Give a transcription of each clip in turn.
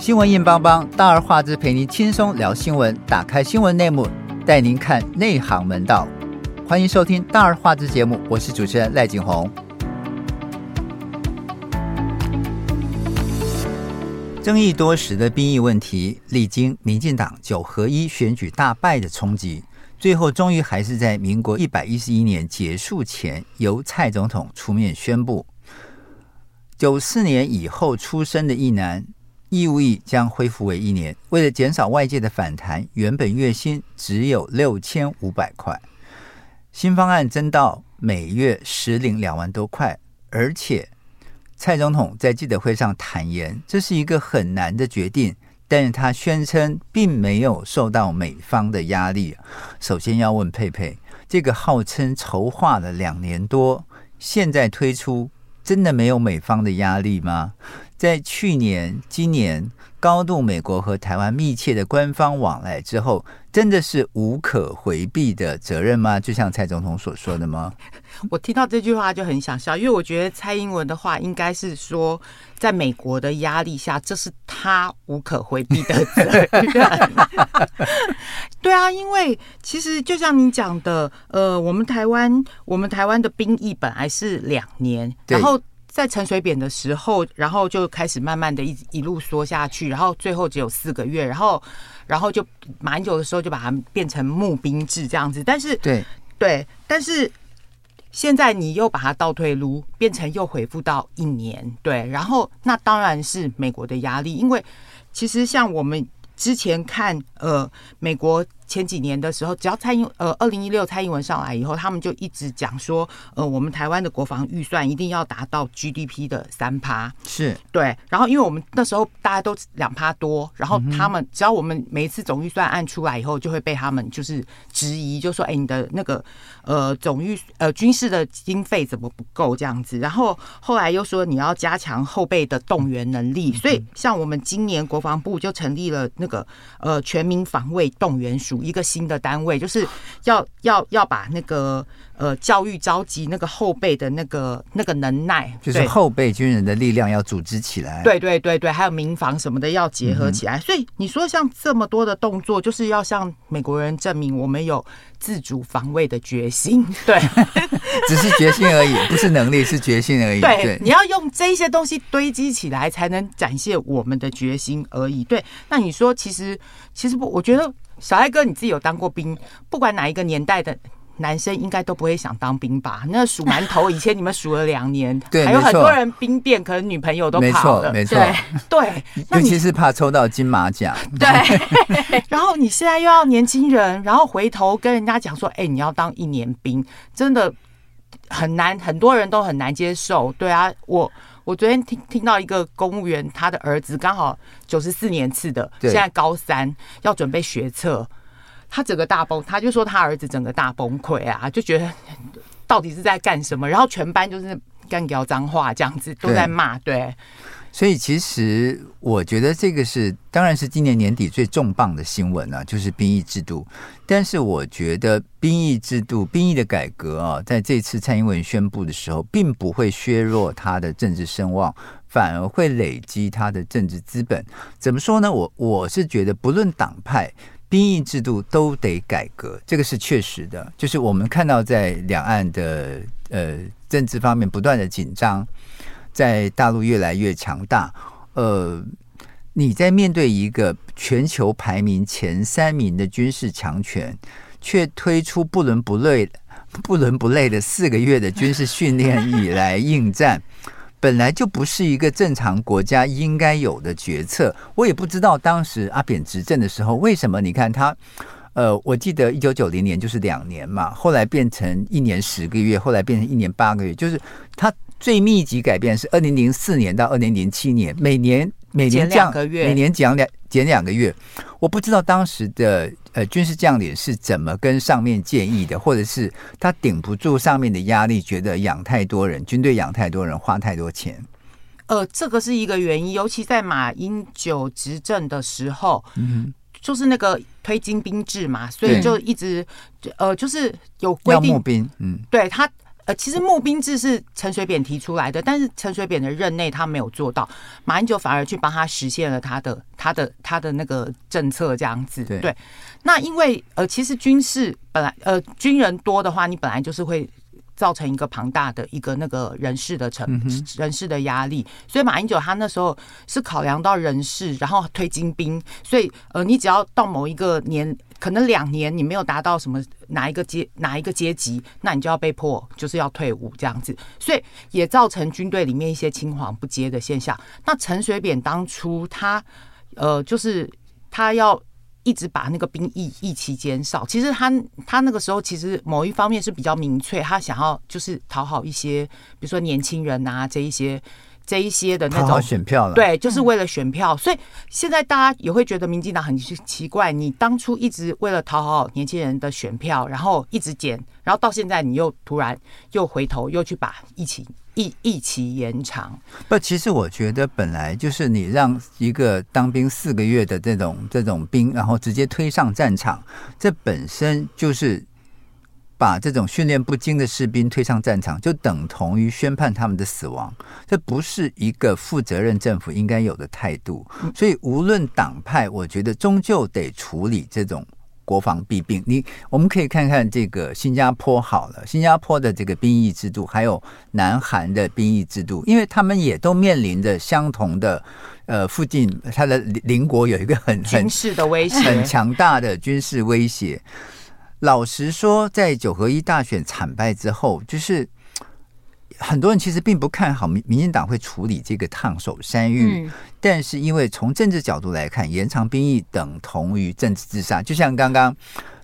新聞硬邦邦，大而化之，陪您輕鬆聊新聞。打開新聞內幕，帶您看內行門道。歡迎收聽大而化之節目，我是主持人賴景紅。爭議多時的兵役問題，歷經民進黨九合一選舉大敗的衝擊，最後終於還是在民國一百一十一年結束前，由蔡總統出面宣布：九四年以後出生的役男，義務役將恢復為一年，為了減少外界的反彈，原本月薪只有六千五百塊，新方案增到每月實領兩萬多塊。而且，蔡總統在記者會上坦言，這是一個很難的決定，但是她宣稱並沒有受到美方的壓力。首先要問佩佩，這個號稱籌劃了兩年多，現在推出，真的沒有美方的壓力嗎？在去年、今年高度美國和台灣密切的官方往來之後，真的是無可迴避的責任嗎？就像蔡總統所說的嗎？我聽到這句話就很想笑，因為我覺得蔡英文的話應該是說，在美國的壓力下，這是他無可迴避的責任。 對啊，因為其實就像您講的，呃，我們台灣，我們台灣的兵役本來是兩年，然後。在陳水扁的時候，然後就開始慢慢的一，一一路縮下去，然後最後只有四個月，然後，然後就馬英九的時候，就把它變成募兵制這樣子，但是對對，但是現在你又把它倒退嚕，變成又恢復到一年，對，然後那當然是美國的壓力，因為其實像我們之前看，呃，美國。前幾年的時候，只要蔡英呃，二零一六蔡英文上來以後，他們就一直講說，呃，我們台灣的國防預算一定要達到 GDP 的三趴，是對。然後，因為我們那時候大家都兩趴多，然後他們只要我們每次總預算案出來以後，就會被他們就是質疑，就說，哎、欸，你的那個呃總預呃軍事的經費怎麼不夠這樣子？然後後來又說你要加強後備的動員能力。所以，像我們今年國防部就成立了那個呃全民防衛動員署。一個新的單位，就是要要要把那個呃教育召集那個後備的那個那個能耐，就是後備軍人的力量要組織起來。對對對對，還有民防什麼的要結合起來。嗯、所以你說像這麼多的動作，就是要向美國人證明我們有自主防衛的決心。對， 只是決心而已，不是能力，是決心而已。對，對你要用這些東西堆積起來，才能展現我們的決心而已。對，那你說其實其實不，我覺得。小艾哥，你自己有當過兵？不管哪一個年代的男生，應該都不會想當兵吧？那數饅頭，以前你們數 了兩年，對，還有很多人兵變，可能女朋友都跑了，沒錯，沒錯，對那，尤其是怕抽到金馬獎，對。 然後你現在又要年輕人，然後回頭跟人家講說：“哎、欸，你要當一年兵，真的很難，很多人都很難接受。”對啊，我。我昨天聽聽到一個公務員，他的兒子剛好九十四年次的，現在高三要準備學測，他整個大崩，他就說他兒子整個大崩潰啊，就覺得到底是在幹什麼，然後全班就是幹譙髒話這樣子，都在罵，對。所以，其實我覺得這個是，當然是今年年底最重磅的新聞呢，就是兵役制度。但是，我覺得兵役制度、兵役的改革啊，在這次蔡英文宣布的時候，並不會削弱他的政治聲望，反而會累積他的政治資本。怎麼說呢？我我是覺得，不論黨派，兵役制度都得改革，這個是確實的。就是我們看到在兩岸的呃政治方面不斷的緊張。在大陸越來越強大，呃，你在面對一個全球排名前三名的軍事強權，卻推出不倫不類、不倫不類的四個月的軍事訓練以來應戰， 本來就不是一個正常國家應該有的決策。我也不知道當時阿扁執政的時候為什麼，你看他，呃，我記得一九九零年就是兩年嘛，後來變成一年十個月，後來變成一年八個月，就是他。最密集改變是二零零四年到二零零七年，每年每年降，每年減兩減兩個月。我不知道當時的呃軍事將領是怎麼跟上面建議的，或者是他頂不住上面的壓力，覺得養太多人，軍隊養太多人，花太多錢。呃，這個是一個原因，尤其在馬英九執政的時候，嗯，就是那個推精兵制嘛，所以就一直呃，就是有規定。嗯，對他。呃，其實募兵制是陳水扁提出來的，但是陳水扁的任內他沒有做到，馬英九反而去幫他實現了他的他的他的那個政策，這樣子。對，那因為呃，其實軍事本來呃軍人多的話，你本來就是會。造成一個龐大的一個那個人事的成人事的壓力，所以馬英九他那時候是考量到人事，然後推精兵，所以呃，你只要到某一個年，可能兩年你沒有達到什麼哪一個階哪一個階級，那你就要被迫就是要退伍這樣子，所以也造成軍隊裡面一些青黃不接的現象。那陳水扁當初他呃，就是他要，一直把那個兵役役期減少，其實他他那個時候其實某一方面是比較民粹，他想要就是討好一些，比如說年輕人啊這一些這一些的那種選票了，對，就是為了選票，嗯。所以現在大家也會覺得民進黨很奇怪，你當初一直為了討好年輕人的選票，然後一直減，然後到現在你又突然又回頭又去把役期，一一起延長。不，其實我覺得本來就是你讓一個當兵四個月的這種這種兵，然後直接推上戰場，這本身就是把這種訓練不精的士兵推上戰場，就等同於宣判他們的死亡。這不是一個負責任政府應該有的態度。所以無論黨派，我覺得終究得處理這種。國防弊病，你，我們可以看看這個新加坡好了，新加坡的這個兵役制度，還有南韓的兵役制度，因為他們也都面臨着相同的，呃，附近他的鄰國有一個很強勢的威脅，很強大的軍事威脅。威 老實說，在九合一大選慘敗之後，就是。很多人其實並不看好民民進黨會處理這個燙手山芋。嗯，但是因為從政治角度來看，延長兵役等同於政治自殺。就像剛剛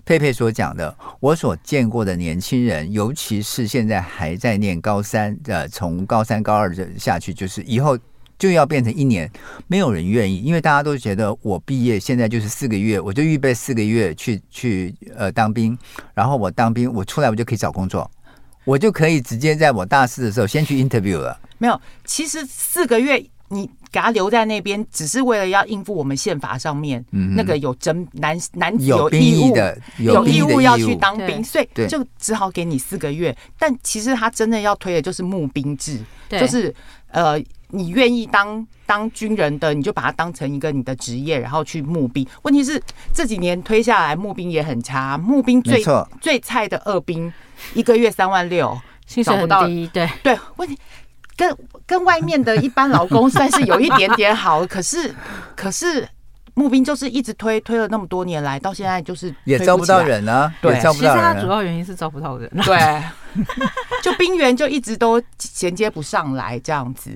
佩佩所講的，我所見過的年輕人，尤其是現在還在念高三的，呃，從高三、高二這下去，就是以後就要變成一年，沒有人願意，因為大家都覺得我畢業現在就是四個月，我就預備四個月去去呃當兵，然後我當兵，我出來我就可以找工作。我就可以直接在我大四的時候先去 interview 了。沒有，其實四個月你給他留在那邊，只是為了要應付我們憲法上面、嗯、那個有徵男男有義務有義的有義務要去當兵，所以就只好給你四個月。但其實他真的要推的就是募兵制，就是呃，你願意當，當軍人的，你就把它當成一個你的職業，然後去募兵。問題是這幾年推下來，募兵也很差，募兵最最菜的二兵，一個月三萬六，找不到。對對，問題跟跟外面的一般勞工算是有一點點好，可是可是。募兵，就是一直推，推了那麼多年來，到現在就是也招不到人啊。對，對，其實他主要原因是招不到人，啊。對， 就兵員就一直都銜接不上來這樣子。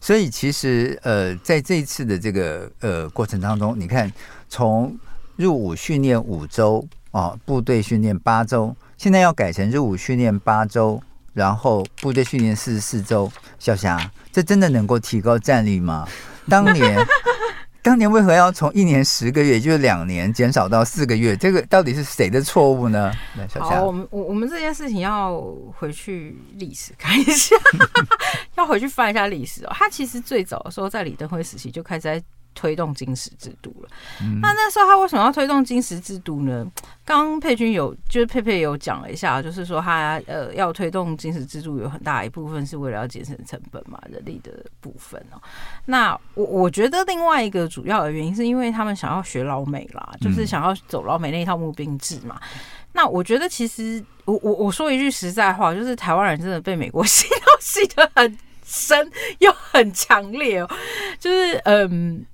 所以其實呃，在這一次的這個呃過程當中，你看從入伍訓練五周啊，部隊訓練八周，現在要改成入伍訓練八周，然後部隊訓練四十四周。小霞，這真的能夠提高戰力嗎？當年。 當年為何要從一年十個月，也就是兩年減少到四個月？這個到底是誰的錯誤呢？來，小夏。好，我們我我們這件事情要回去歷史看一下， 要回去翻一下歷史哦。他其實最早的時候在李登輝時期就開始在。推動金石制度了、嗯，那那時候他為什麼要推動金石制度呢？剛佩君有，就是佩佩有講了一下，就是說他呃要推動金石制度，有很大一部分是為了要節省成本嘛，人力的部分哦。那我我覺得另外一個主要的原因，是因為他們想要學老美啦，就是想要走老美那一套募兵制嘛、嗯。那我覺得其實我我我說一句實在話，就是台灣人真的被美國洗腦洗得很深又很強烈、哦，就是嗯。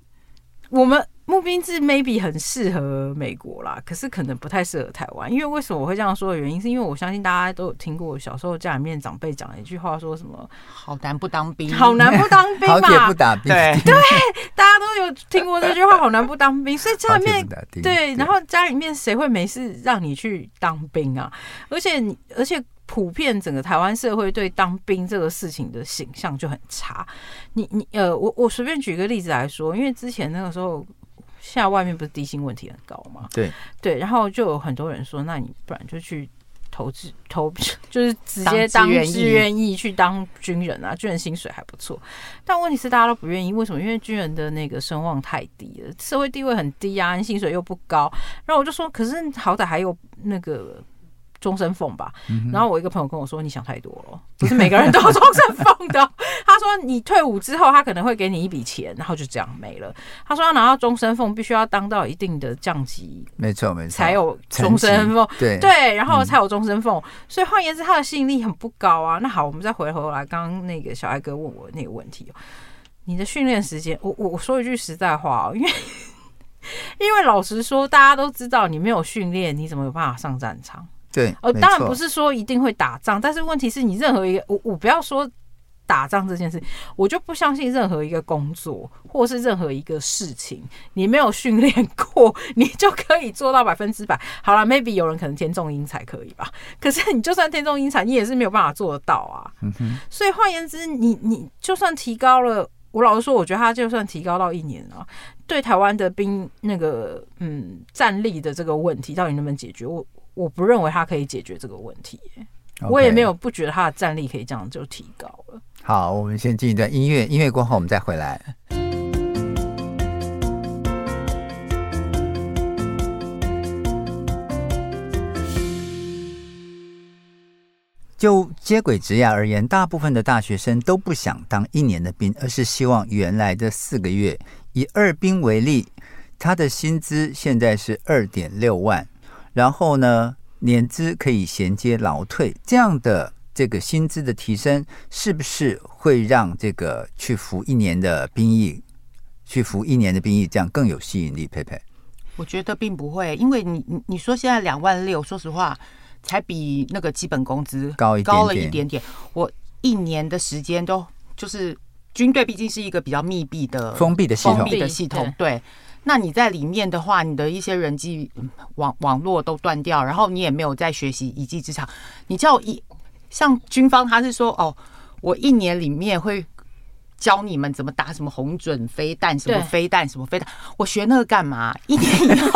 我們募兵制 maybe 很適合美國啦，可是可能不太適合台灣。因為為什麼我會這樣說的原因，是因為我相信大家都有聽過小時候家裡面長輩講的一句話，說什麼“好男不當兵，好男不當兵”吧？好鐵不打兵，對對，大家都有聽過這句話“好男不當兵”，所以家裡面對，然後家裡面誰會沒事讓你去當兵啊？而且你，而且。普遍整個台灣社會對當兵這個事情的形象就很差。你你呃，我我隨便舉一個例子來說，因為之前那個時候，現在外面不是低薪問題很高嘛？對對，然後就有很多人說，那你不然就去投資投，就是直接當志願役去當軍人啊，軍人薪水還不錯。但問題是大家都不願意，為什麼？因為軍人的那個聲望太低了，社會地位很低啊，薪水又不高。然後我就說，可是好歹還有那個。終身俸吧、嗯。然後我一個朋友跟我說：“你想太多了，不、就是每個人都有終身俸的。 ”他說：“你退伍之後，他可能會給你一筆錢，然後就這樣沒了。”他說：“要拿到終身俸，必須要當到一定的降級，沒錯沒錯，才有終身俸，對對，然後才有終身俸、嗯。所以換言之，他的吸引力很不高啊。”那好，我們再回頭來，剛剛那個小愛哥問我那個問題：“你的訓練時間？”我我我說一句實在話、哦，因為 因為老實說，大家都知道你沒有訓練，你怎麼有辦法上戰場？對，呃，當然不是說一定會打仗，但是問題是你任何一個，我我不要說打仗這件事，我就不相信任何一個工作或是任何一個事情，你沒有訓練過，你就可以做到百分之百。好了，maybe 有人可能天縱英才可以吧，可是你就算天縱英才，你也是沒有辦法做得到啊。嗯哼。所以換言之你，你你就算提高了，我老實說，我覺得他就算提高到一年啊，對台灣的兵那個嗯戰力的這個問題，到底能不能解決？我。我不認為他可以解決這個問題，我也沒有不覺得他的戰力可以這樣就提高了。Okay. 好，我們先進一段音樂，音樂過後我們再回來。就接軌職涯而言，大部分的大學生都不想當一年的兵，而是希望原來的四個月。以二兵為例，他的薪資現在是二點六萬。然後呢，年資可以銜接勞退，這樣的這個薪資的提升，是不是會讓這個去服一年的兵役，去服一年的兵役，這樣更有吸引力？佩佩，我覺得並不會，因為你你你說現在兩萬六，說實話，才比那個基本工資高一點點，高了一點點。我一年的時間都，就是軍隊畢竟是一個比較密閉的封閉的系統，的系統對。對對那你在裡面的話，你的一些人際網、嗯、網絡都斷掉，然後你也沒有在學習一技之長。你叫一像軍方，他是說哦，我一年裡面會。教你們怎麼打什麼紅準飛彈，什麼飛彈，什麼飛彈，我學那個幹嘛？一年以後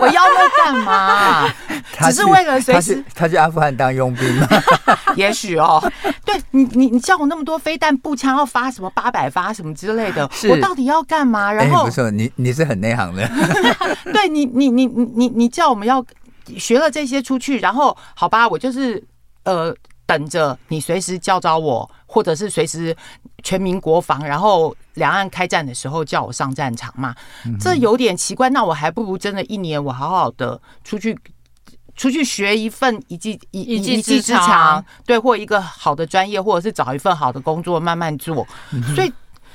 我要那個幹嘛？ 只是為了隨時，他去阿富汗當傭兵， 也許哦。對你，你你叫我那麼多飛彈、步槍，要發什麼八百發什麼之類的，我到底要幹嘛？然後、欸、不錯、你你是很內行的 。對你，你你你你你叫我們要學了這些出去，然後好吧，我就是呃。等着你隨時叫招我，或者是隨時全民國防，然後兩岸開戰的時候叫我上戰場嘛？這有點奇怪。那我還不如真的一年我好好的出去出去學一份一技一技之長，對，或一個好的專業，或者是找一份好的工作慢慢做。所以，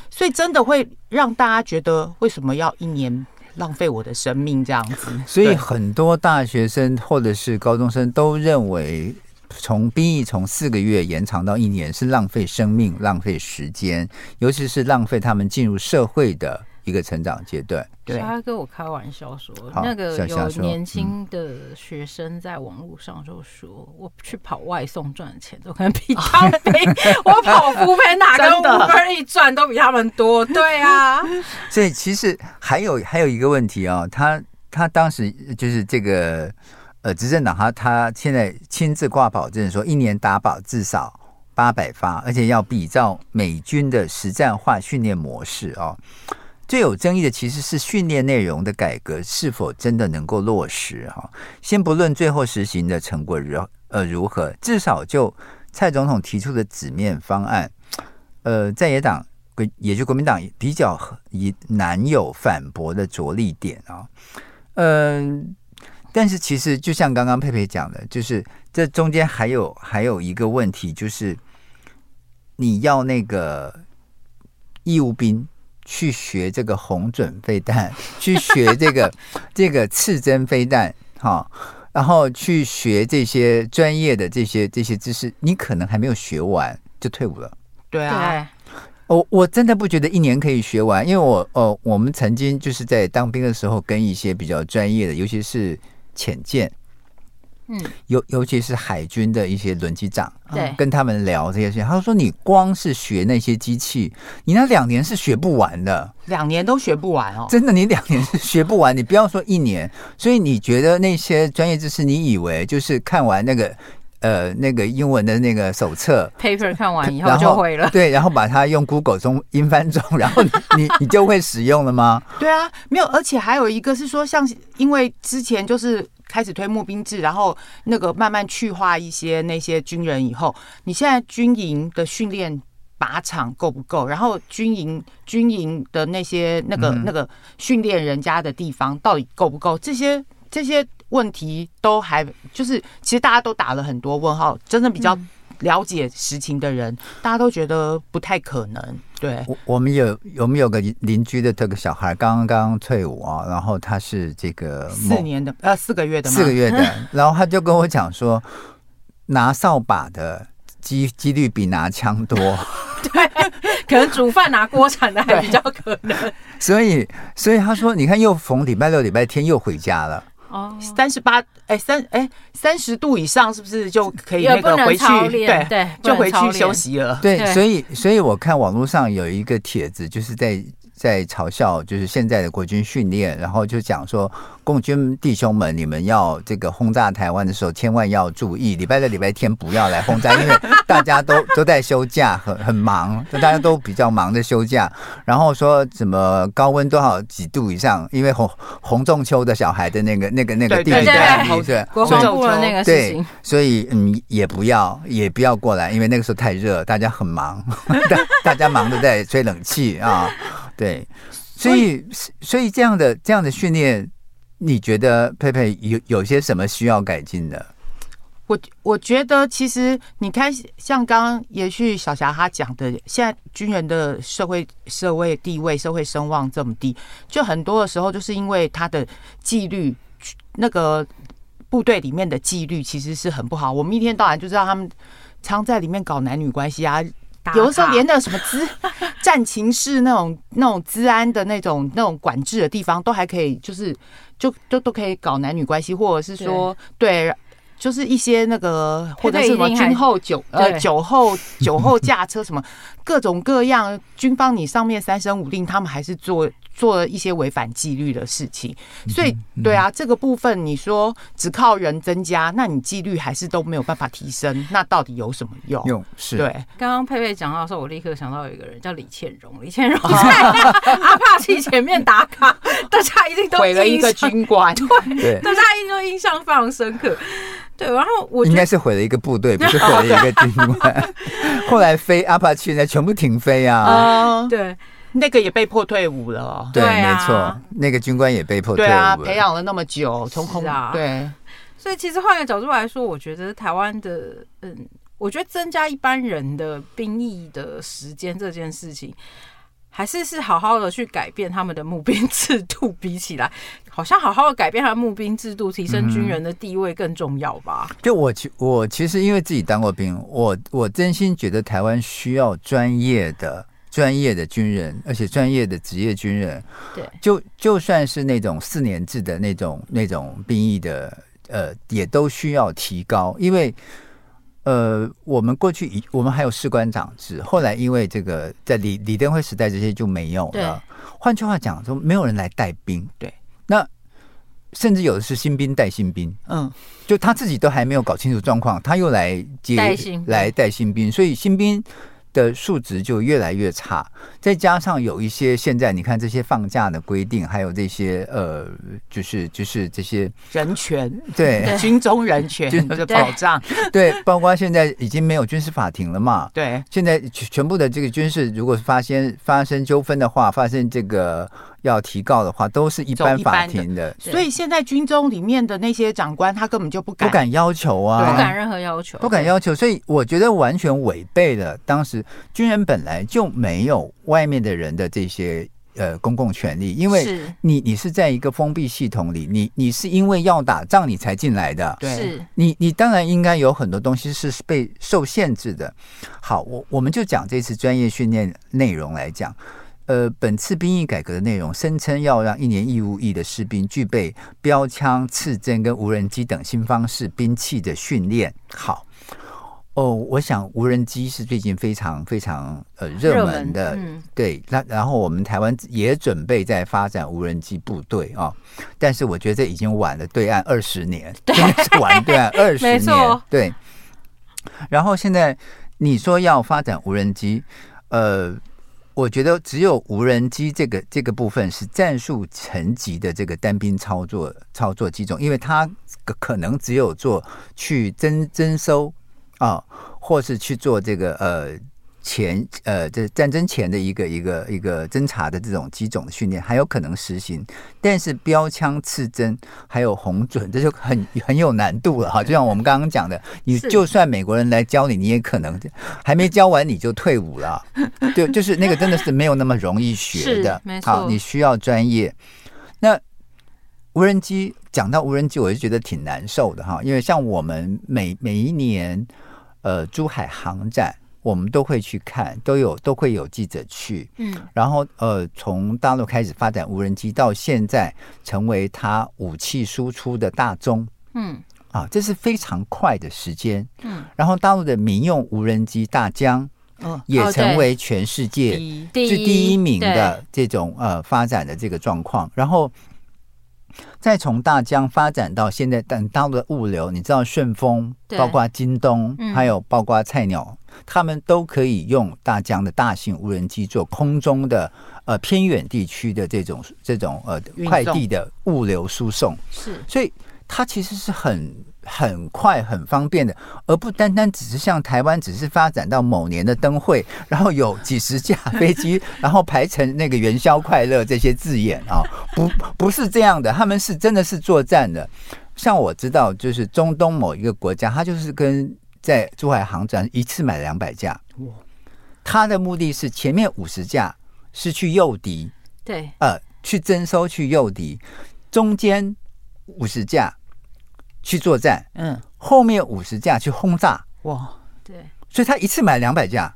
所以真的會讓大家覺得為什麼要一年浪費我的生命這樣子？所以很多大學生或者是高中生都認為。從兵役從四個月延長到一年是浪費生命，浪費時間，尤其是浪費他們進入社會的一個成長階段。對，他跟我開玩笑說：“那個有年輕的學生在網絡上就說、嗯，我去跑外送賺錢，都可能比他們， 我跑不分哪個五分一賺都比他們多。” 對啊，所以其實還有還有一個問題啊、哦，他他當時就是這個。呃，執政黨他他現在親自掛保證說，一年打靶至少八百發，而且要比照美軍的實戰化訓練模式啊、哦。最有爭議的其實是訓練內容的改革是否真的能夠落實哈、哦？先不論最後實行的成果如何呃如何，至少就蔡總統提出的紙面方案，呃，在野黨也就國民黨比較難有反駁的着力點啊，嗯、哦。呃但是其實就像剛剛佩佩講的，就是這中間還有還有一個問題，就是你要那個義務兵去學這個紅準飛彈，去學這個 這個刺針飛彈，哈、哦，然後去學這些專業的這些這些知識，你可能還沒有學完就退伍了。對啊，我、哦、我真的不覺得一年可以學完，因為我哦，我們曾經就是在當兵的時候跟一些比較專業的，尤其是。潛艦，嗯，尤尤其是海軍的一些輪機長，嗯，對，跟他們聊這些事情。他說：“你光是學那些機器，你那兩年是學不完的，兩年都學不完哦。真的，你兩年是學不完， 你不要說一年。所以你覺得那些專業知識，你以為就是看完那個？”呃，那個英文的那個手冊，paper 看完以後就會了然後。對，然後把它用 Google 中英翻中，然後你 你,你就會使用了嗎？對啊，沒有，而且還有一個是說像，像因為之前就是開始推募兵制，然後那個慢慢去化一些那些軍人以後，你現在軍營的訓練靶場夠不夠？然後軍營軍營的那些那個、嗯、那個訓練人家的地方到底夠不夠？這些這些。問題都還就是，其實大家都打了很多問號。真的比較了解實情的人，嗯、大家都覺得不太可能。對，我我們有我們有，有個鄰居的這個小孩剛剛退伍啊，然後他是這個四年的呃四個月的四個月的，然後他就跟我講說， 拿掃把的機幾率比拿槍多， 對，可能煮飯拿鍋鏟的還比較可能。 所以所以他說，你看又逢禮拜六禮拜天又回家了。哦、oh, 欸，三十八，哎，三，哎，三十度以上是不是就可以那個回去？對對，就回去休息了。對，所以所以我看網絡上有一個帖子，就是在，在嘲笑，就是現在的國軍訓練，然後就講說，共軍弟兄們，你們要這個轟炸台灣的時候，千萬要注意，禮拜六、禮拜天不要來轟炸， 因為大家都都在休假，很很忙，就大家都比較忙的休假。然後說什麼高溫多少幾度以上，因為洪洪仲丘的小孩的那個那個那個地單，對，洪仲丘那個對，所以，對所以嗯，也不要也不要過來，因為那個時候太熱，大家很忙，大 大家忙着在吹冷氣啊。對，所以所以，所以這樣的這樣的訓練，你覺得佩佩有有些什麼需要改進的？我我覺得其實你看，像剛剛，也許小霞她講的，現在軍人的社會社會地位、社會聲望這麼低，就很多的時候就是因為他的紀律，那個部隊裡面的紀律其實是很不好。我們一天到晚就知道他們常在裡面搞男女關係啊。有的時候連那什麼資戰情室那種那種治安的那種那種管制的地方都還可以，就是就就都可以搞男女關係，或者是說對，對，就是一些那個或者是什麼軍後酒呃酒後酒後駕車什麼各種各樣，軍方你上面三申五令，他們還是做。做了一些違反紀律的事情，所以對啊，這個部分你說只靠人增加，那你紀律還是都沒有辦法提升，那到底有什麼用？用是對。剛剛佩佩講到說，我立刻想到有一個人叫李倩榮，李倩榮阿、 啊啊、帕奇前面打卡， 大家一定都毀了一個軍官，對，對大家一定都印象非常深刻。對，然後我應該是毀了一個部隊，不是毀了一個軍官。 後來飛阿、啊、帕奇，現在全部停飛啊，呃、對。那個也被迫退伍了，對，對啊、沒錯，那個軍官也被迫退伍了啊，培養了那麼久，從空、啊、對，所以其實換個角度來說，我覺得台灣的，嗯，我覺得增加一般人的兵役的時間這件事情，還是是好好的去改變他們的募兵制度，比起來，好像好好的改變他的募兵制度，提升軍人的地位更重要吧？嗯、就我其我其實因為自己當過兵，我我真心覺得台灣需要專業的。專業的軍人，而且專業的職業軍人，對，就就算是那種四年制的那種那種兵役的，呃，也都需要提高，因為，呃，我們過去以我們還有士官長制，後來因為這個在李李登輝時代，這些就沒有了。換句話講，說沒有人來帶兵，對，那甚至有的是新兵帶新兵，嗯，就他自己都還沒有搞清楚狀況，他又來接新來帶新兵，所以新兵。的數值就越來越差，再加上有一些現在你看這些放假的規定，還有這些呃，就是就是這些人權對，對軍中人權軍的保障對，對，包括現在已經沒有軍事法庭了嘛？對，現在全部的這個軍事如果發生發生糾紛的話，發生這個。要提告的話，都是一般法庭的，般的。所以現在軍中裡面的那些長官，他根本就不敢，不敢要求啊，不敢任何要求，不敢要求。所以我覺得完全違背了當時軍人本來就沒有外面的人的這些呃公共權利，因為你是你，你是在一個封閉系統裡，你你是因為要打仗你才進來的，對你你當然應該有很多東西是被受限制的。好，我我們就講這次專業訓練內容來講。呃，本次兵役改革的內容聲稱要讓一年義務役的士兵具備標槍、刺針跟無人機等新方式兵器的訓練。好，哦，我想無人機是最近非常非常呃熱門的，熱門嗯、對。那、啊、然後我們台灣也準備在發展無人機部隊啊、哦，但是我覺得這已經晚了對岸二十年，晚對,對, 對岸二十年，對。然後現在你說要發展無人機，呃。我覺得只有無人機這個這個部分是戰術層級的這個單兵操作操作機種，因為它可能只有做去徵徵收啊，或是去做這個呃。前呃，這戰爭前的一個一個一個偵察的這種機種的訓練還有可能實行，但是標槍刺針還有紅隼這就很很有難度了哈。就像我們剛剛講的，你就算美國人來教你，你也可能還沒教完你就退伍了。對，就是那個真的是沒有那麼容易學的，好、啊，你需要專業。那無人機講到無人機，我就覺得挺難受的哈，因為像我們每每一年呃珠海航展。我們都會去看，都有都會有記者去，嗯，然後呃，從大陸開始發展無人機到現在，成為它武器輸出的大宗，嗯，啊，這是非常快的時間，嗯，然後大陸的民用無人機大疆，嗯，也成為全世界是第一名的這種呃發展的這個狀況，然後。再從大疆發展到現在，但大的物流，你知道順豐，包括京東，還有包括菜鳥，他們都可以用大疆的大型無人機做空中的呃偏遠地區的這種這種呃快遞的物流輸送，所以它其實是很。很快、很方便的，而不單單只是像台灣，只是發展到某年的燈會，然後有幾十架飛機，然後排成那個“元宵快樂”這些字眼啊、哦，不，不是這樣的。他們是真的是作戰的。像我知道，就是中東某一個國家，他就是跟在珠海航展一次買兩百架。他的目的是前面五十架是去誘敵，對，呃，去徵收、去誘敵，中間五十架。去作戰，嗯，後面五十架去轟炸，哇，對，所以他一次買兩百架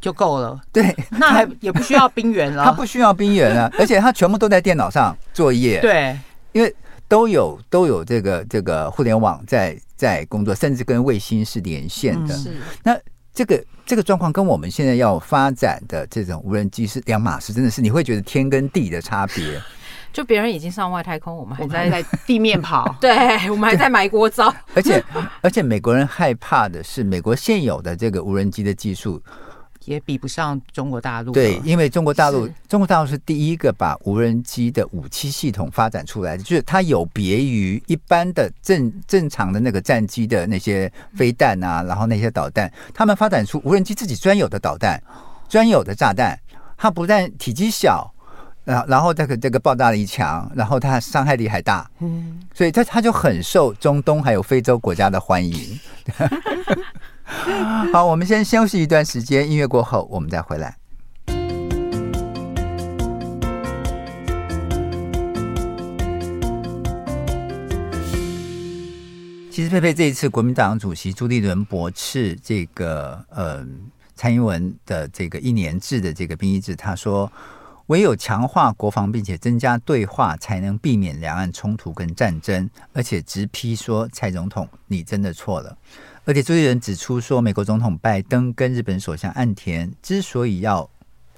就夠了，對，那還 也不需要兵員了，他不需要兵員啊， 而且他全部都在電腦上作業，對，因為都有都有這個這個互聯網在在工作，甚至跟衛星是連線的，嗯、是。那這個這個狀況跟我們現在要發展的這種無人機是兩碼事，真的是你會覺得天跟地的差別。 就別人已經上外太空，我們還在地面跑。面跑 對，我們還在埋鍋造。而且，而且美國人害怕的是，美國現有的這個無人機的技術也比不上中國大陸。對，因為中國大陸，中國大陸是第一個把無人機的武器系統發展出來的，就是它有別於一般的正正常的那個戰機的那些飛彈啊、嗯，然後那些導彈，他們發展出無人機自己專有的導彈、專有的炸彈，它不但體積小。然後，然後個這個爆炸力強，然後它傷害力還大，所以他他就很受中東還有非洲國家的歡迎。 好，我們先休息一段時間，音樂過後我們再回來。 其實佩佩這一次，國民黨主席朱立倫駁斥這個呃蔡英文的這個一年制的這個兵役制，他說。唯有強化國防，並且增加對話，才能避免兩岸衝突跟戰爭。而且直批說，蔡總統你真的錯了。而且朱立倫指出說，美國總統拜登跟日本首相岸田之所以要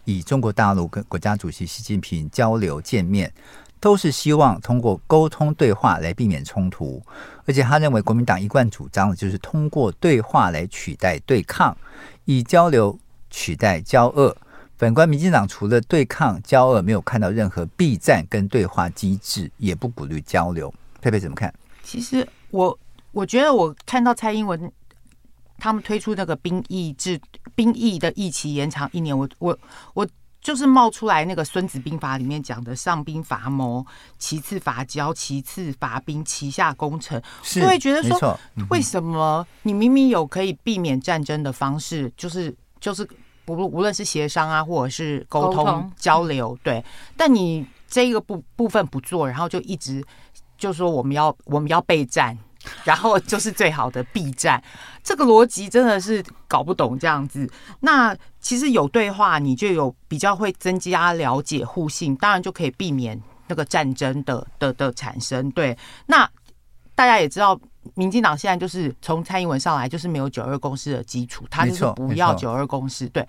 以中國大陸跟國家主席習近平交流見面，都是希望通過溝通對話來避免衝突。而且他認為，國民黨一貫主張的就是通過對話來取代對抗，以交流取代交惡。反觀民進黨，除了對抗交惡，沒有看到任何避戰跟對話機制，也不鼓勵交流。佩佩怎麼看？其實我我覺得我看到蔡英文他們推出那個兵役制兵役的役期延長一年，我我我就是冒出來那個《孫子兵法》裡面講的“上兵伐謀，其次伐交，其次伐兵，其下攻城”，就會覺得說，為什麼你明明有可以避免戰爭的方式、就是，就是就是。無無論是協商啊，或者是溝通，溝通交流，對。但你這個部部分不做，然後就一直就說我們要我們要備戰，然後就是最好的避戰。 這個邏輯真的是搞不懂這樣子。那其實有對話，你就有比較會增加了解互信，當然就可以避免那個戰爭的的的產生。對。那大家也知道。民進黨現在就是從蔡英文上來，就是沒有九二共識的基礎，他就不要九二共識。對，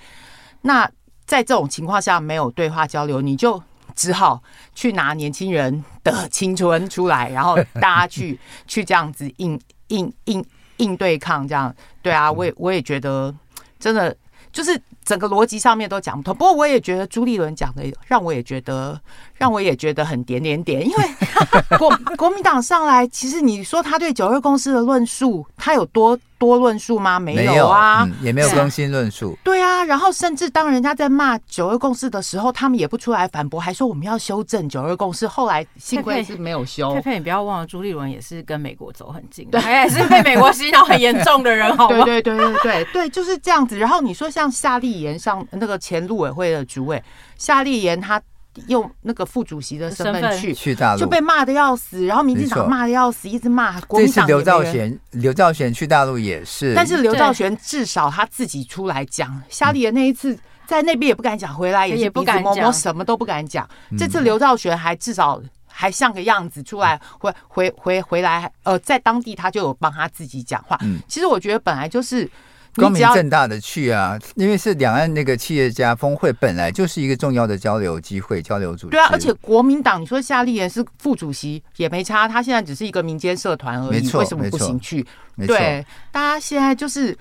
那在這種情況下沒有對話交流，你就只好去拿年輕人的青春出來，然後大家去 去這樣子硬硬硬硬對抗，這樣對啊，我也我也覺得真的就是。整個邏輯上面都講不通。不過我也覺得朱立倫講的讓我也覺得讓我也覺得很點點點。因為 國國民黨上來，其實你說他對九二共識的論述，他有多多論述嗎？沒有啊，沒有嗯，也沒有更新論述。 對啊，然後甚至當人家在罵九二共識的時候，他們也不出來反駁，還說我們要修正九二共識。後來幸虧是沒有修。佩佩，佩佩你不要忘了，朱立倫也是跟美國走很近，對，也 是被美國洗腦很嚴重的人， 好嗎？對對對對對對， 對，就是這樣子。然後你說像夏利。炎上那個前陸委會的主委，夏立言他用那個副主席的身份去去大陸，就被罵的要死，然後民進黨罵的要死，一直罵國民黨。這次劉兆玄劉兆玄去大陸也是，但是劉兆玄至少他自己出來講，夏立言那一次在那邊也不敢講，回來也也不敢講，什麼都不敢講。這次劉兆玄還至少還像個樣子出來，嗯、回回回回來，呃，在當地他就有幫他自己講話。嗯，其實我覺得本來就是。光明正大的去啊，因為是兩岸那個企業家峰會，本來就是一個重要的交流機會，交流主。對啊，而且國民黨，你說夏立言也是副主席也沒差，他現在只是一個民間社團而已沒錯，為什麼不行去？沒錯，對，沒錯，大家現在就是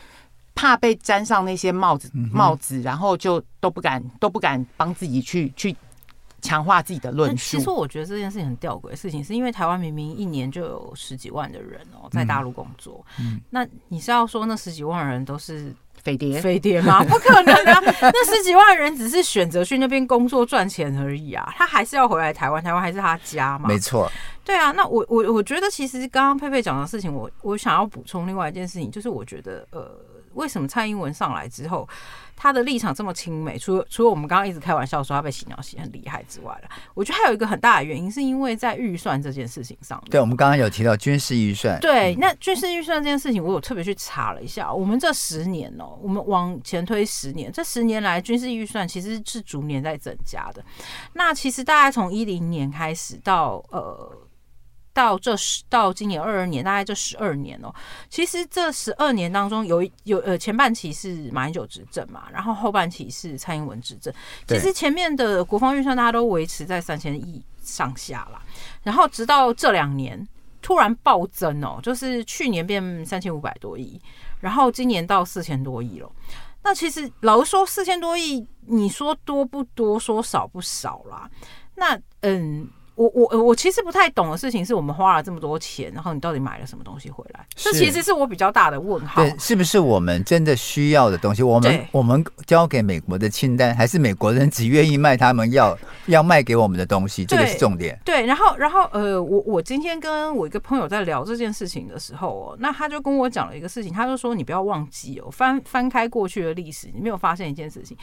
怕被沾上那些帽子、嗯、帽子，然後就都不敢都不敢幫自己去去。強化自己的論據。其實我覺得這件事情很吊詭的事情，是因為台灣明明一年就有十幾萬的人哦、喔，在大陸工作、嗯。那你是要說那十幾萬人都是飛碟飛碟嗎？不可能啊！ 那十幾萬人只是選擇去那邊工作賺錢而已啊，他還是要回來台灣，台灣還是他家嘛。沒錯。對啊，那我我我覺得其實剛剛佩佩講的事情我，我我想要補充另外一件事情，就是我覺得呃。為什麼蔡英文上來之後，他的立場這麼親美？除、除了我們剛剛一直開玩笑說他被洗腦洗很厲害之外了，我覺得還有一個很大的原因，是因為在預算這件事情上面。對，我們剛剛有提到軍事預算、嗯，對，那軍事預算這件事情，我有特別去查了一下，我們這十年哦、喔，我們往前推十年，這十年來軍事預算其實是逐年在增加的。那其實大概從一零年開始到呃。到這十到今年二二年，大概這十二年哦。其實這十二年當中有，有有呃前半期是馬英九執政嘛，然後後半期是蔡英文執政。其實前面的國防預算大家都維持在三千億上下啦，然後直到這兩年突然暴增哦，就是去年變三千五百多億，然後今年到四千多億了。那其實老實說，四千多億，你說多不多？說少不少啦。那嗯。我我我其實不太懂的事情是，我們花了這麼多錢，然後你到底買了什麼東西回來？這其實是我比較大的問號。對，是不是我們真的需要的東西？我們我們交給美國的清單，還是美國人只願意賣他們要要賣給我們的東西？這個是重點。對，然後然後呃，我我今天跟我一個朋友在聊這件事情的時候，哦，那他就跟我講了一個事情，他就說：“你不要忘記哦，翻翻開過去的歷史，你沒有發現一件事情，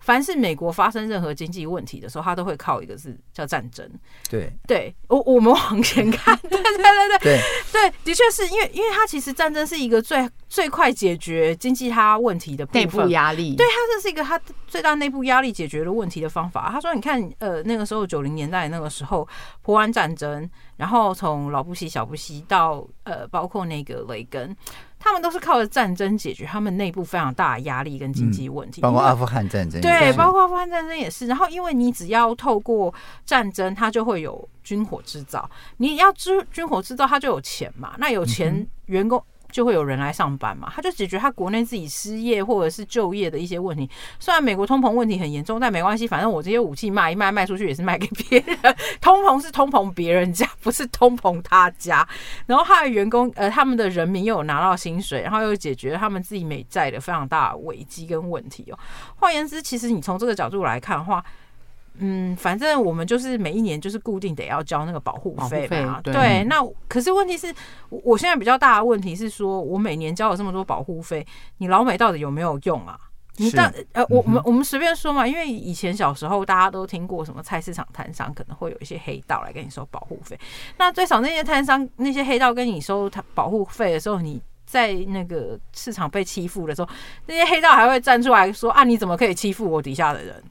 凡是美國發生任何經濟問題的時候，他都會靠一個字叫戰爭。”對。對，我我們往前看，對對對對對，對的確是因為，因為他其實戰爭是一個最最快解決經濟他問題的部，內部壓力，對，他這是一個它最大內部壓力解決的問題的方法。他說，你看，呃，那個時候九零年代那個時候，波灣戰爭，然後從老布希、小布希到呃，包括那個雷根。他們都是靠着戰爭解決他們內部非常大的壓力跟經濟問題，嗯，包括阿富汗戰爭，嗯，對，是啊，包括阿富汗戰爭也是。然後，因為你只要透過戰爭，它就會有軍火製造，你要支軍火製造，它就有錢嘛。那有錢，員工。嗯就會有人來上班嘛，他就解決他國內自己失業或者是就業的一些問題。雖然美國通膨問題很嚴重，但沒關係，反正我這些武器賣一賣賣出去也是賣給別人，通膨是通膨別人家，不是通膨他家。然後他的員工呃，他們的人民又有拿到薪水，然後又解決他們自己美債的非常大的危機跟問題哦。換言之，其實你從這個角度來看的話。嗯，反正我們就是每一年就是固定得要交那個保護費嘛，對。對，那可是問題是，我現在比較大的問題是說，我每年交了這麼多保護費，你老美到底有沒有用啊？你到呃，我、嗯、我們我們隨便說嘛，因為以前小時候大家都聽過什麼菜市場攤商可能會有一些黑道來跟你收保護費。那最少那些攤商那些黑道跟你收他保護費的時候，你在那個市場被欺負的時候，那些黑道還會站出來說啊，你怎麼可以欺負我底下的人？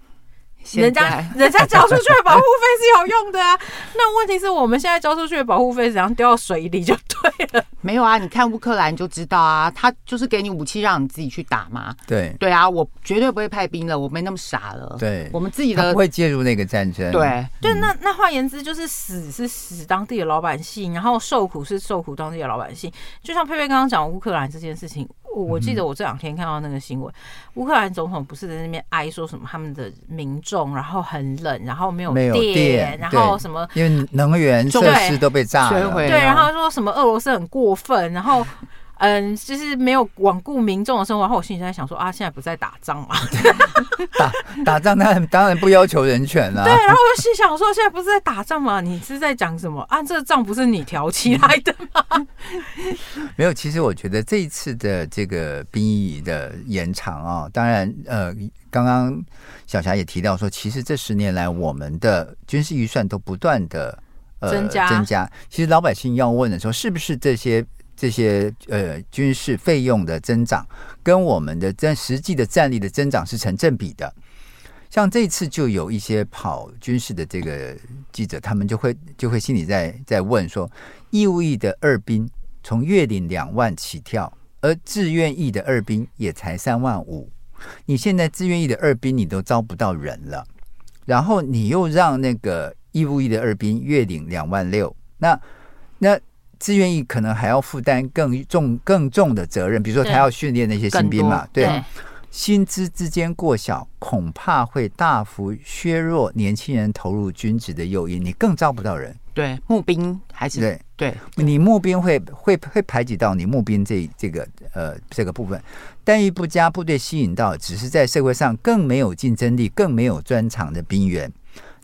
人家 人家交出去的保護費是有用的啊，那問題是我們現在交出去的保護費只要丟到水裡就對了。沒有啊，你看烏克蘭就知道啊，他就是給你武器讓你自己去打嘛。對對啊，我絕對不會派兵了，我沒那麼傻了。對，我們自己的不會介入那個戰爭。對，嗯、對，那那換言之就是死是死當地的老百姓，然後受苦是受苦當地的老百姓。就像佩佩剛剛講烏克蘭這件事情。哦，我記得我這兩天看到那個新聞，烏克蘭總統不是在那邊哀說什麼他們的民眾然後很冷，然後沒有電，沒有電然後什麼，因為能源設施都被炸了，了，對，然後說什麼俄羅斯很過分，然後。 嗯，就是沒有罔顧民眾的生活，然後我心裡在想說啊，現在不是在打仗嗎？打打仗當然，他當然不要求人權了、啊。對，然後我就心想說，現在不是在打仗嗎？你是在講什麼啊？這個、仗不是你挑起來的嗎？ 沒有，其實我覺得這一次的這個兵役的延長啊、哦，當然，呃，剛剛小霞也提到說，其實這十年來我們的軍事預算都不斷的、呃、增加，增加。其實老百姓要問的時候，是不是這些？這些呃軍事費用的增長，跟我們的戰實際的戰力的增長是成正比的。像這次就有一些跑軍事的這個記者，他們就會就會心裡在在問說：義務役的二兵從月領兩萬起跳，而志願役的二兵也才三萬五。你現在志願役的二兵你都招不到人了，然後你又讓那個義務役的二兵月領兩萬六，那那。自願役可能還要負擔更重、更重的責任，比如說他要訓練那些新兵嘛。對，薪資之間過小，恐怕會大幅削弱年輕人投入軍職的誘因。你更招不到人。對，募兵還是對對，你募兵會會會排擠到你募兵這這個呃這個部分待遇不佳，部隊吸引到只是在社會上更沒有競爭力，更沒有專長的兵員。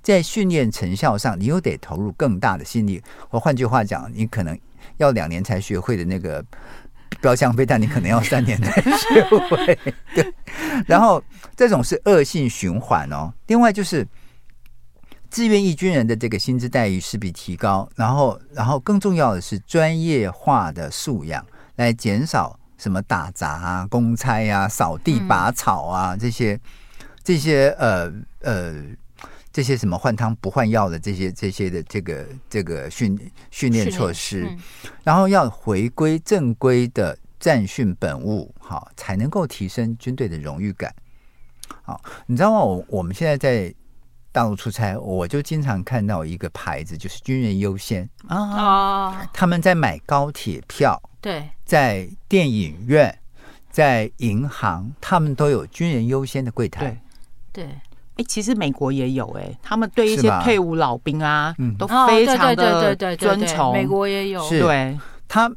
在訓練成效上，你又得投入更大的心力。我換句話講，你可能要兩年才學會的那個標槍飛彈，你可能要三年才學會。 對，然後這種是惡性循環哦。另外就是，志願役軍人的這個薪資待遇勢必提高，然後，然後更重要的是專業化的素養，來減少什麼打雜啊、公差啊、掃地、拔草啊、嗯、這些這些呃呃。呃這些什麼換湯不換藥的這些這些的這個這個訓練訓練措施，然後要回歸正規的戰訓本務。好，才能夠提升軍隊的榮譽感。好，你知道嗎？我我們現在在大陸出差，我就經常看到一個牌子，就是軍人優先啊。他們在買高鐵票，對，在電影院，在銀行，他們都有軍人優先的櫃檯。對，對。哎、欸，其實美國也有哎、欸，他們對一些退伍老兵啊，都、嗯哦、非常的尊崇。對對對對對對對美國也有，是對他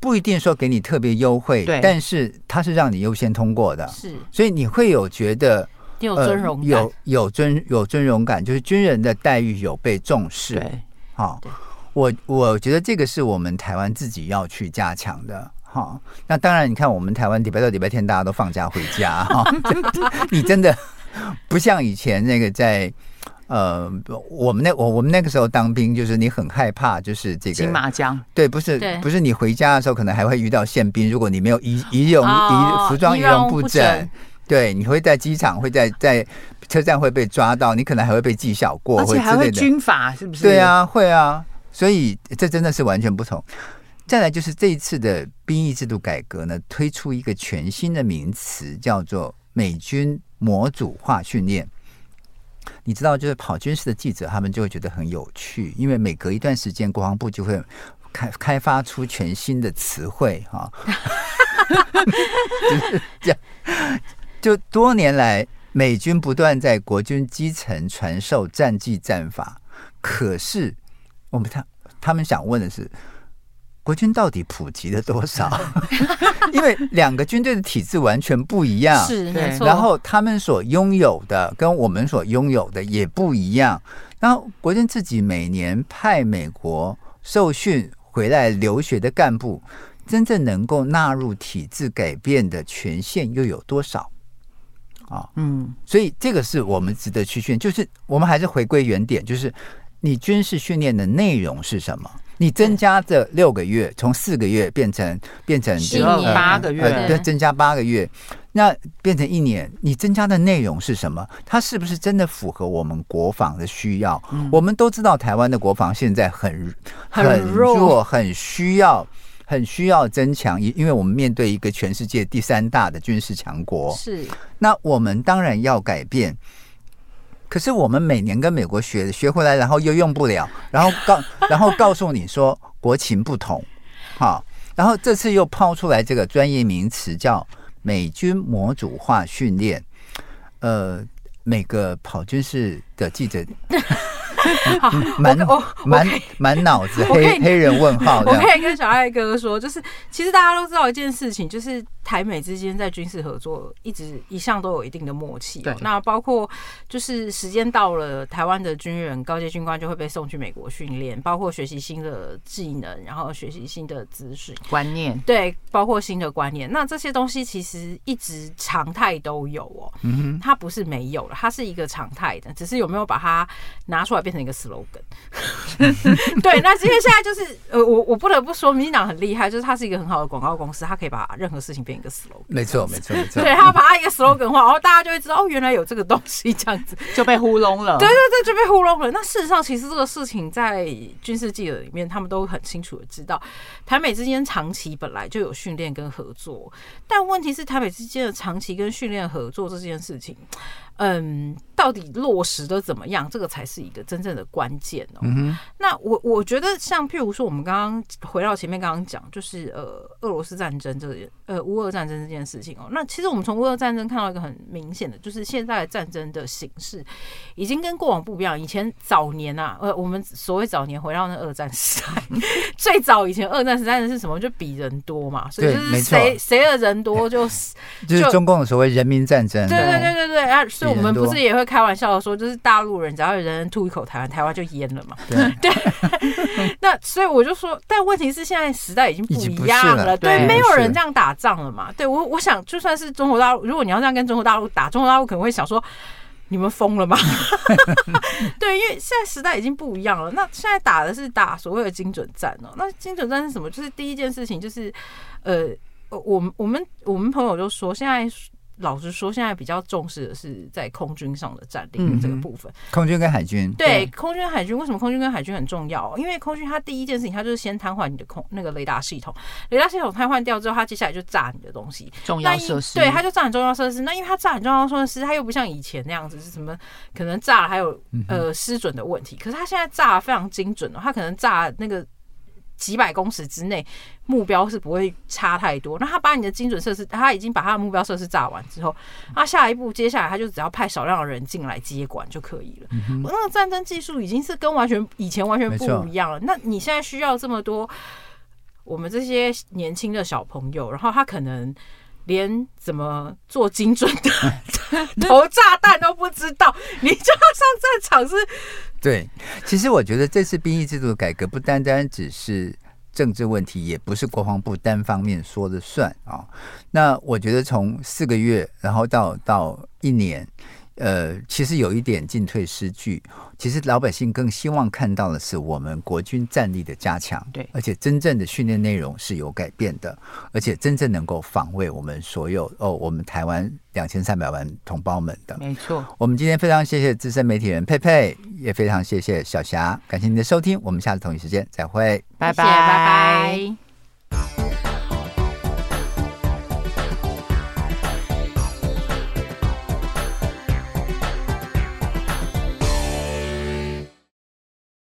不一定說給你特別優惠，對，但是他是讓你優先通過的，是，所以你會有覺得、呃、你有尊榮感，有尊有尊榮感，就是軍人的待遇有被重視。好、哦，我我覺得這個是我們台灣自己要去加強的。哈、哦，那當然，你看我們台灣禮拜六禮拜天大家都放假回家，哈、 哦，你真的。 不像以前那個在，呃，我們那我我們那個時候當兵，就是你很害怕，就是這個金馬獎，對，不是不是你回家的時候，可能還會遇到憲兵，如果你沒有儀儀容儀服裝儀容不整，哦，對，你會在機場會在在車站會被抓到，你可能還會被記小過，而且還會軍法是不是？對啊，會啊，所以這真的是完全不同。再來就是這一次的兵役制度改革呢，推出一個全新的名詞，叫做美軍。模組化訓練，你知道，就是跑軍事的記者，他們就會覺得很有趣，因為每隔一段時間，國防部就會開開發出全新的詞彙，哈、哦。哈 就多年來，美軍不斷在國軍基層傳授戰技戰法，可是我們他他們想問的是，國軍到底普及了多少？ 因為兩個軍隊的體制完全不一樣，然後他們所擁有的跟我們所擁有的也不一樣。然後國軍自己每年派美國受訓回來留學的幹部，真正能夠納入體制改變的權限又有多少？啊，嗯。所以這個是我們值得去訓，就是我們還是回歸原點，就是你軍事訓練的內容是什麼？你增加這六個月，從四個月變成變成八個月，對、呃呃，增加八個月，那變成一年，你增加的內容是什麼？它是不是真的符合我們國防的需要？嗯、我們都知道台灣的國防現在很很弱，很弱，很需要，很需要增強，因為我們面對一個全世界第三大的軍事強國。是，那我們當然要改變。可是我們每年跟美國學學回來，然後又用不了，然後告然後告訴你說國情不同，哈，然後這次又拋出來這個專業名詞叫美軍模組化訓練，呃，每個跑軍事的記者。 好，滿滿滿腦子 okay，黑黑人問號的。我可以跟小艾哥哥說，就是其實大家都知道一件事情，就是台美之間在軍事合作一直一向都有一定的默契、喔。對，那包括就是時間到了，台灣的軍人高階軍官就會被送去美國訓練，包括學習新的技能，然後學習新的資訊觀念，對，包括新的觀念。那這些東西其實一直常態都有哦、喔，嗯哼，它不是沒有了，它是一個常態的，只是有沒有把它拿出來。變成一個 slogan， 對，那因為現在就是呃，我我不得不說，民進黨很厲害，就是他是一個很好的廣告公司，他可以把任何事情變一個 slogan。沒錯，沒錯，對，他把他一個 slogan 化，然 後、哦、大家就會知道，哦，原來有這個東西，這樣子 就被糊弄了。對對對，就被糊弄了。那事實上，其實這個事情在軍事記者裡面，他們都很清楚的知道，台美之間長期本來就有訓練跟合作，但問題是，台美之間的長期跟訓練合作這件事情。嗯，到底落實的怎麼樣？這個才是一個真正的關鍵哦、喔嗯。那我我覺得，像譬如說，我們剛剛回到前面剛剛講，就是呃，俄羅斯戰爭這個、呃，烏俄戰爭這件事情哦、喔。那其實我們從烏俄戰爭看到一個很明顯的，就是現在的戰爭的形式已經跟過往不一樣。以前早年吶、啊，呃，我們所謂早年回到那二戰時代，最早以前二戰時代的是什麼？就比人多嘛，所以就是誰誰的人多就、嗯、就是就中共的所謂人民戰爭。對對對對對啊！所以我們不是也會開玩笑的說，就是大陸人只要有人吐一口台灣，台灣就淹了嘛。對, 對，那所以我就說，但問題是現在時代已經不一樣了，對、嗯，沒有人這樣打仗了嘛。對我，我想就算是中國大陸，如果你要這樣跟中國大陸打，中國大陸可能會想說，你們瘋了嗎？ 對，因為現在時代已經不一樣了。那現在打的是打所謂的精準戰哦、喔。那精準戰是什麼？就是第一件事情就是，呃，我我們我們朋友就說現在。老實說，現在比較重視的是在空軍上的佔領這個部分、嗯。空軍跟海軍，對，對空軍、海軍，為什麼空軍跟海軍很重要？因為空軍它第一件事情，它就是先癱瘓你的空那個雷達系統，雷達系統癱瘓掉之後，它接下來就炸你的東西。重要設施，那對，它就炸很重要設施。那因為它炸很重要設施，它又不像以前那樣子是什麼？可能炸了還有呃失準的問題，可是它現在炸非常精準哦，它可能炸那個。幾百公尺之內，目標是不會差太多。那他把你的精準設施、他已經把他的目標設施炸完之後，那下一步接下來他就只要派少量的人進來接管就可以了。嗯、那個、戰爭技術已經是跟完全以前完全不一樣了。那你現在需要這麼多我們這些年輕的小朋友，然後他可能，連怎麼做精準的 投炸彈都不知道，你就要上戰場是 ？對，其實我覺得這次兵役制度的改革不單單只是政治問題，也不是國防部單方面說了算啊、哦。那我覺得從四個月，然後到到一年。呃，其實有一點進退失據。其實老百姓更希望看到的是我們國軍戰力的加強，對，而且真正的訓練內容是有改變的，而且真正能夠防衛我們所有哦，我們台灣兩千三百萬同胞們的。沒錯。我們今天非常謝謝資深媒體人佩佩，也非常謝謝小霞，感謝您的收聽，我們下次同一時間再會，拜拜，謝謝，拜拜。